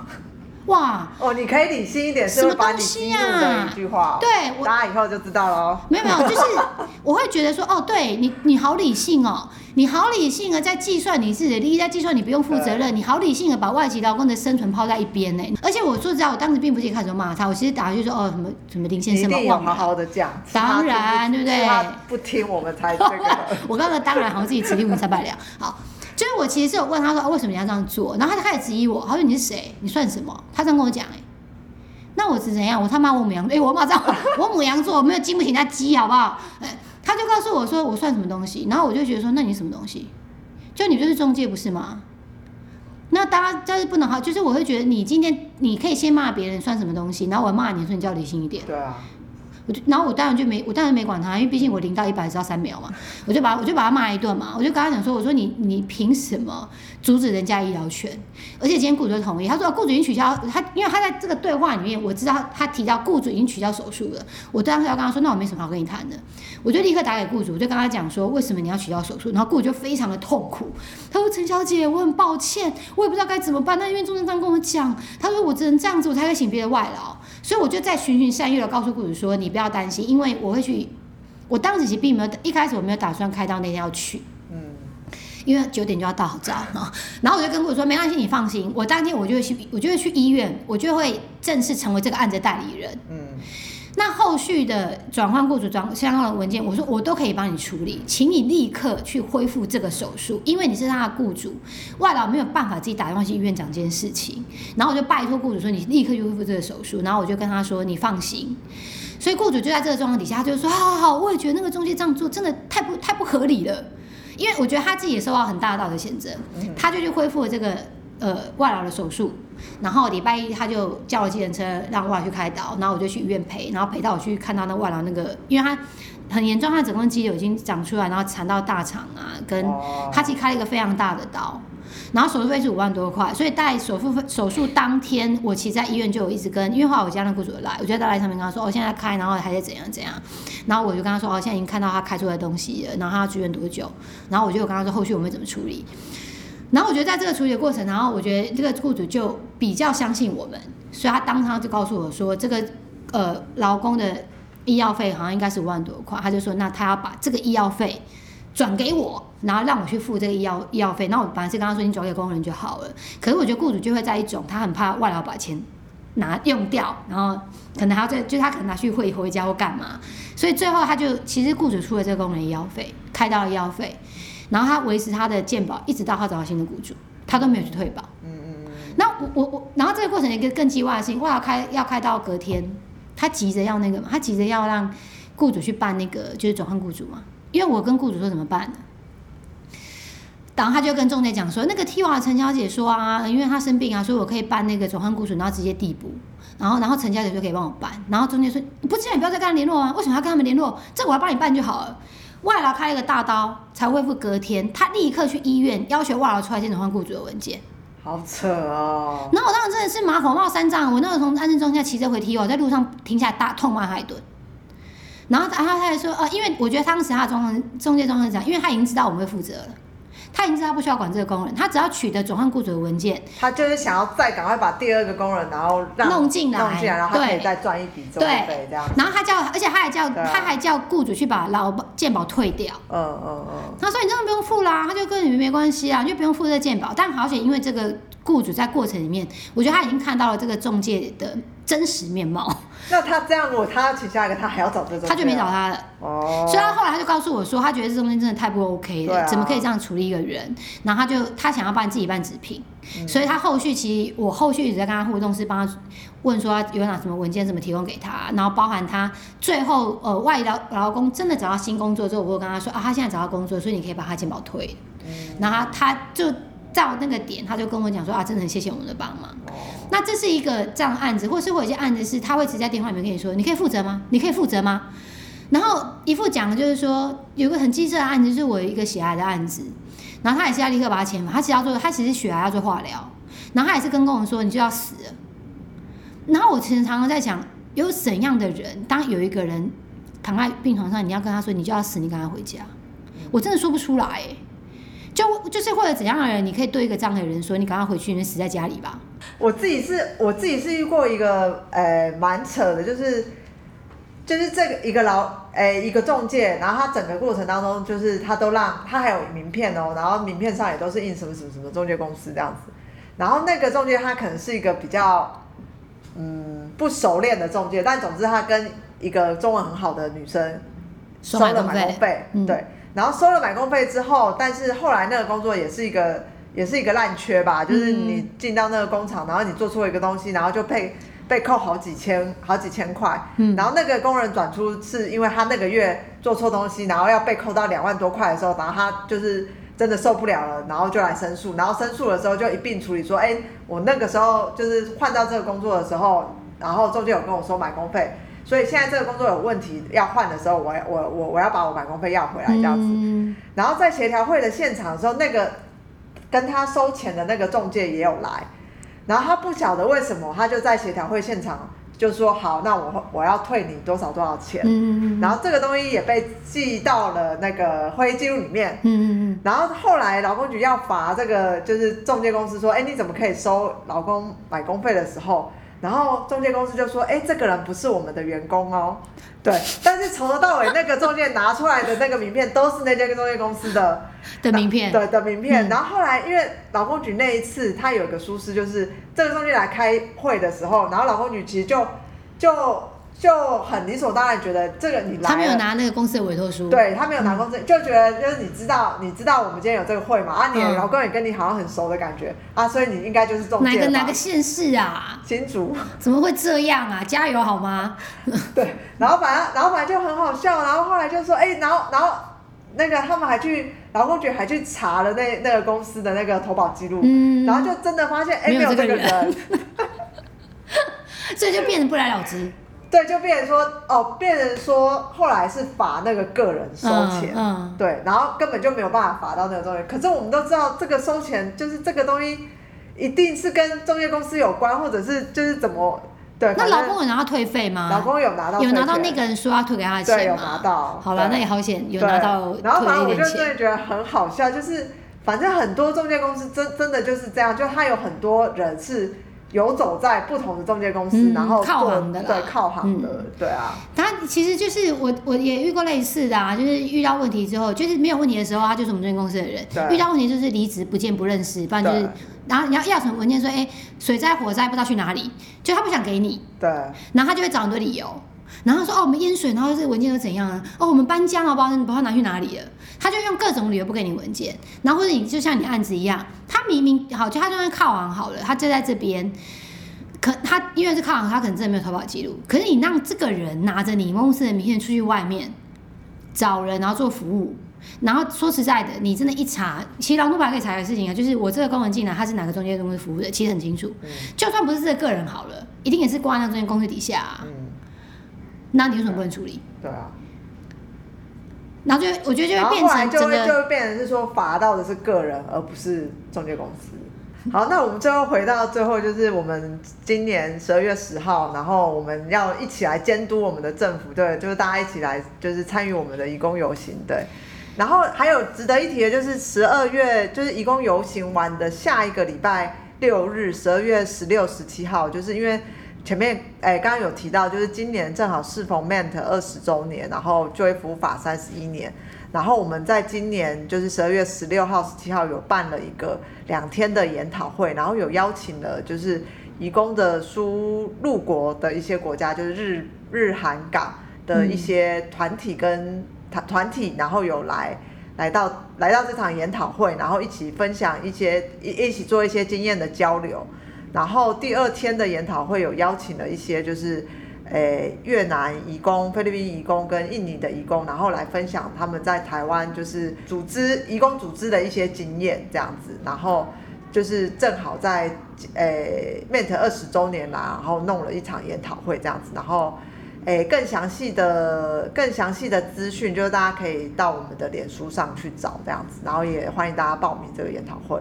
B: 哇！哦，
A: 你可以理性一點，什麼東西啊？一句話，哦，對，我大家以後就知道了。哦 *laughs* 沒有沒有，就是
B: 我會覺得說，哦，對你，你好理性哦，你好理性地在計算你自己的利益，在計算你不用負責任，對你好理性地把外籍勞工的生存拋在一邊呢。而且我說實在，我當時並不是一開始就罵他，我其實打就是說，哦，什麼什麼林先生嘛，一定要好
A: 好的講，當然，
B: 不對不對，對？不
A: 聽我們才
B: 這個，我剛才當然好像自己此地無銀三百兩，好。所以，我其實是有問他說，為什麼你要這樣做？然後他就開始質疑我，他說你是誰？你算什麼？他這樣跟我講，哎，那我是怎樣？我他媽我牡羊座，哎，我罵髒，我牡羊座，我沒有經不起人家激，好不好？他就告訴我說，我算什麼東西？然後我就覺得說，那你什麼東西？就你就是仲介不是嗎？那大家就是不能好，就是我會覺得你今天你可以先罵別人算什麼東西，然後我罵你，說你叫理性一點。對啊。我就然後我當然就沒，我當然沒管他，因為畢竟我零到一百只要三秒嘛，我就把我就把他罵一頓嘛，我就跟他講說，我說你你憑什麼阻止人家醫療權？而且今天雇主就同意，他說啊、雇主已經取消他，因為他在這個對話裡面，我知道他，他提到雇主已經取消手術了，我當時要跟他說，那我沒什麼好跟你談的，我就立刻打給雇主，我就跟他講說，為什麼你要取消手術？然後雇主就非常的痛苦，他說陳小姐，我很抱歉，我也不知道該怎麼辦，那因為中正主跟我講，他說我只能這樣子，我才會請別的外勞。所以我就在循循善誘的告訴雇主說：“你不要擔心，因為我會去。我當時其實並沒有一開始我沒有打算開刀那天要去，
A: 嗯，
B: 因為九點就要到早。然後我就跟雇主說：沒關係，你放心。我當天我就去，我就會去醫院，我就會正式成為這個案子代理人，嗯。”那後續的轉換雇主轉換相關的文件，我說我都可以幫你處理，請你立刻去恢復這個手術，因為你是他的雇主，外勞沒有辦法自己打電話去醫院講這件事情。然後我就拜托雇主說你立刻去恢復這個手術，然後我就跟他說你放心。所以雇主就在這個狀況底下，他就說好好好，我也覺得那個中介這樣做真的太不太不合理了，因為我覺得他自己也受到很大的道德譴責，他就去恢復了這個。呃，外勞的手術，然後禮拜一他就叫了急診車，讓外勞去開刀，然後我就去醫院陪，然後陪到我去看到那外勞那個，因為他很嚴重，他整個肌瘤已經長出來，然後纏到大腸啊，跟他其實開了一個非常大的刀，然後手術費是五萬多塊，所以在手術手術當天，我其實在醫院就有一直跟，因為後來我家那雇主來，我就在來上面跟他說，我、哦、現在，在開，然後還在怎樣怎樣，然後我就跟他說，哦，現在已經看到他開出來的東西了，然後他要住院多久，然後我就跟他說後續我們會怎麼處理。然後我覺得在這個處理的過程，然後我覺得這個雇主就比較相信我們，所以他當他就告訴我說，這個呃勞工的醫藥費好像應該是五萬多塊，他就說那他要把這個醫藥費轉給我，然後讓我去付這個醫藥醫藥費。然後我本來是跟他說你轉給工人就好了，可是我覺得雇主就會在一種他很怕外勞把錢拿用掉，然後可能還要再就他可能拿去匯回，回家或幹嘛，所以最後他就其實雇主出了這個工人醫藥費，開到了醫藥費。然後他維持他的健保，一直到他找到新的雇主，他都沒有去退保。嗯嗯那、嗯、我我我，然後這個過程也更更意外性，我要開要開到隔天，他急着要那個嘛，他急着要讓雇主去辦那個，就是轉換雇主嘛。因為我跟雇主說怎麼辦呢？然後他就跟仲介講說，那個 TIWA 陳小姐說啊，因為她生病啊，所以我可以辦那個轉換雇主，然後直接遞補，然後然後陳小姐就可以幫我辦。然後仲介說，不知道你不要再跟他聯絡啊，為什麼要跟他們聯絡？這我要幫你辦就好了。外勞開了一個大刀才恢復，隔天他立刻去醫院要求外勞出來簽署轉換雇主的文件，
A: 好扯哦！然
B: 後我當時真的是馬火冒三丈，我那個從安順中下騎車回 TIWA, 我在路上停下來大痛罵他一頓，然後然後他還說，呃，因為我覺得當時他的狀況，仲介狀況是這樣，因為他已經知道我們會負責了。他已經知道不需要管這個工人，他只要取得轉換雇主的文件。他就是想要再
A: 趕快把第二個工人，然後讓弄進來，弄進來，然後可以再賺一筆仲介費對，對這
B: 樣。然後他叫，而且他還叫，啊、他還叫雇主去把勞保、健保退掉。嗯嗯嗯。嗯嗯他說：“你真的不用付啦，他就跟你們沒關係啦，你就不用付這個健保。”但好險，因為這個。雇主在過程裡面，我覺得他已經看到了這個仲介的真實面貌。那他這樣，如果他要去下一個，他還要找這種、啊，他就沒找他了。哦，所以他後來他就告訴我說，他覺得這中間真的太不 OK 了，啊、怎麼可以這樣處理一個人？然後他就他想要辦自己辦直聘，嗯、所以他後續其實我後續一直在跟他互動，是幫他問說他有哪什麼文件怎麼提供給他，然後包含他最後呃外勞勞工真的找到新工作之後，我會跟他說啊，他現在找到工作，所以你可以把他健保退，嗯、然後他就。到那個點，他就跟我講說啊，真的很謝謝我們的幫忙。那這是一個這樣的案子，或者是有一些案子是，他會直接在電話裡面跟你說，你可以負責嗎？你可以負責嗎？然後一副講的就是說，有一個很棘手的案子，就是我一個血癌的案子。然後他也是要立刻把他簽嘛，他只要做，他其實是血癌要做化療。然後他也是跟工人說，你就要死。然後我其實常常在想，有怎樣的人，當有一個人躺在病床上，你要跟他說你就要死，你趕快回家，我真的說不出來欸。就就是或者怎樣的人，你可以對一個這樣的人說：“你趕快回去，你死在家裡吧。”
A: 我自己是我自己是遇過一個呃蠻、欸、扯的，就是就是這個一個老呃、欸，一個仲介，然後他整個過程當中，就是他都讓他還有名片哦、喔，然後名片上也都是印什麼什麼什麼仲介公司這樣子。然後那個仲介他可能是一個比較嗯不熟練的仲介，但總之他跟一個中文很好的女生收了買工費、嗯、對。然後收了買工費之後，但是後來那個工作也是一個，也是一個爛缺吧，就是你進到那個工廠，然後你做錯一個東西，然後就被被扣好幾千，好幾千塊。嗯、然後那個工人轉出是因為他那個月做錯東西，然後要被扣到兩萬多塊的時候，然後他就是真的受不了了，然後就來申訴。然後申訴的時候就一併處理說，哎，我那個時候就是換到這個工作的時候，然後仲介有跟我說買工費。所以現在這個工作有問題要換的時候，我我我我要把我買工費要回來這樣子。嗯、然後在協調會的現場的時候，那個跟他收錢的那個仲介也有來，然後他不曉得為什麼，他就在協調會現場就說好，那我我要退你多少多少錢。嗯嗯，然後這個東西也被記到了那個會議記錄裡面。嗯嗯嗯，然後後來勞工局要罰這個，就是仲介公司說，哎，你怎麼可以收勞工買工費的時候？然後中介公司就說：“哎、欸，這個人不是我們的員工哦，對。但是從頭到尾， *laughs* 那個中介拿出來的那個名片都是那個中介公司的的名片，對的名片。嗯、然後後來，因為勞工局那一次，他有個疏失，就是這個中介來開會的時候，然後勞工局其實就就。”就很理所當然覺得這個你拿。他沒有拿
B: 那個公司的委託
A: 書。對，他沒有拿公司，嗯、就覺得就是你知道，你知道我們今天有這個會嘛？嗯、啊，你老公也跟你好像很熟的感覺、嗯、啊，所以你應該就是中介哪個哪個縣市啊？新竹楚？怎麼會這樣啊？加油好嗎？對，然後反正老板就很好笑，然後後來就說，哎、欸，然後然後那個他們還去，老公覺得還去查了那那個公司的那個投保記錄，嗯，然後就真的發現哎，欸、沒有這個人，所以就變得不了了之。對，就變成說，哦，變成說，後來是罰那個個人收錢，啊啊、對，然後根本就沒有辦法罰到那個中介。可是我們都知道，這個收錢就是這個東西，一定是跟中介公司有關，或者是就是怎麼，對。那勞工
B: 有拿到退費嗎？勞工有拿到？有拿到那個人說要退給他的錢？對，有拿
A: 到。好了對，那也好險，有拿到。然後反正我就真的覺得很好笑，就是反正很多中介公司真的真的就是這樣，就他有很多人是遊走在不同的中介公司，嗯、然後靠行的啦，靠行的，對靠行的，對啊。他
B: 其實就是我，我也遇過類似的啊，就是遇到問題之後，就是沒有問題的時候，他就是我們中介公司的人；對遇到問題就是離職，不見不認識，反正就是對然後你要要什麼文件說，哎，水災火災不知道去哪裡，就他不想給你。對。然後他就會找很多理由。然後說哦，我們淹水，然後這個文件又怎樣呢、啊？哦，我們搬家了，你把它拿去哪裡了？他就用各種理由不給你文件，然後或者你就像你案子一樣，他明明好，就他就算靠行好了，他就在這邊，可他因為是靠行，他可能真的沒有投保記錄。可是你讓這個人拿着你公司的名片出去外面找人，然後做服務，然後說實在的，你真的，一查其實勞工部還可以查的事情啊，就是我這個工人進來，他是哪個中介公司服務的，其實很清楚。就算不是這個個人好了，一定也是掛在那中介公司底下、啊。那你有什麼不能
A: 處理？對啊，啊、然後就我覺得就會後來就會就會變成是說，罰到的是個人，而不是仲介公司。好，那我們最後回到最後，就是我們今年十二月十號，然後我們要一起來監督我們的政府，對，就是大家一起來，就是參與我們的移工遊行，對。然後還有值得一提的，就是十二月，就是移工遊行完的下一個禮拜六日，十二月十六、十七號，就是因為。前面哎、欸，剛剛有提到，就是今年正好適逢 MENT 二十週年，然後就服法三十一年，然後我們在今年就是十二月十六號、十七號有辦了一個兩天的研討會，然後有邀請了就是移工的輸入國的一些國家，就是日日韓港的一些團體跟團、嗯、團體，然後有來來到來到這場研討會，然後一起分享一些一一起做一些經驗的交流。然後第二天的研討會有邀請了一些，就是，誒，越南移工、菲律賓移工跟印尼的移工，然後來分享他們在台灣就是組織移工組織的一些經驗這樣子。然後就是正好在誒 MENT 二十周年嘛，然後弄了一場研討會這樣子。然後誒更詳細的更詳細的資訊，就是大家可以到我們的臉書上去找這樣子。然後也歡迎大家報名這個研討會。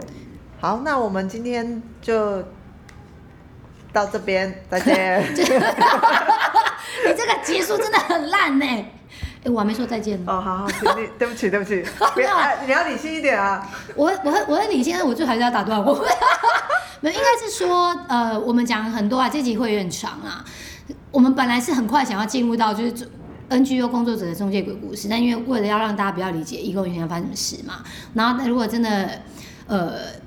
A: 好，那我們今天就。到這邊再見。 *laughs* 你這個結束真的很爛呢。哎、欸，我還沒說再見哦，好好，對不起，對不起。不要、 *laughs* 哎，你要理性一
B: 點啊。我我很我很理性，但最後還是要打斷我。 *laughs* 沒，應該是說，呃，我們講很多啊，這集會有點長啊。我們本來是很快想要進入到就是 NGO 工作者的中介鬼故事，但因為為了要讓大家比較理解，一共以前發生什麼事嘛。然後如果真的，呃。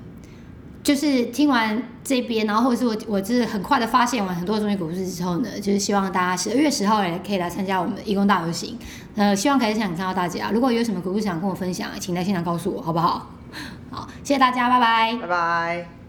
B: 就是聽完這邊，然後或者是我，我就是很快的發現完很多的仲介鬼故事之後呢，就是希望大家十二月十號也可以來參加我們的移工大遊行。呃，希望可以在現場看到大家。如果有什麼故事想跟我分享，請在現場告訴我，好不好？好，謝謝大家，拜拜，拜拜。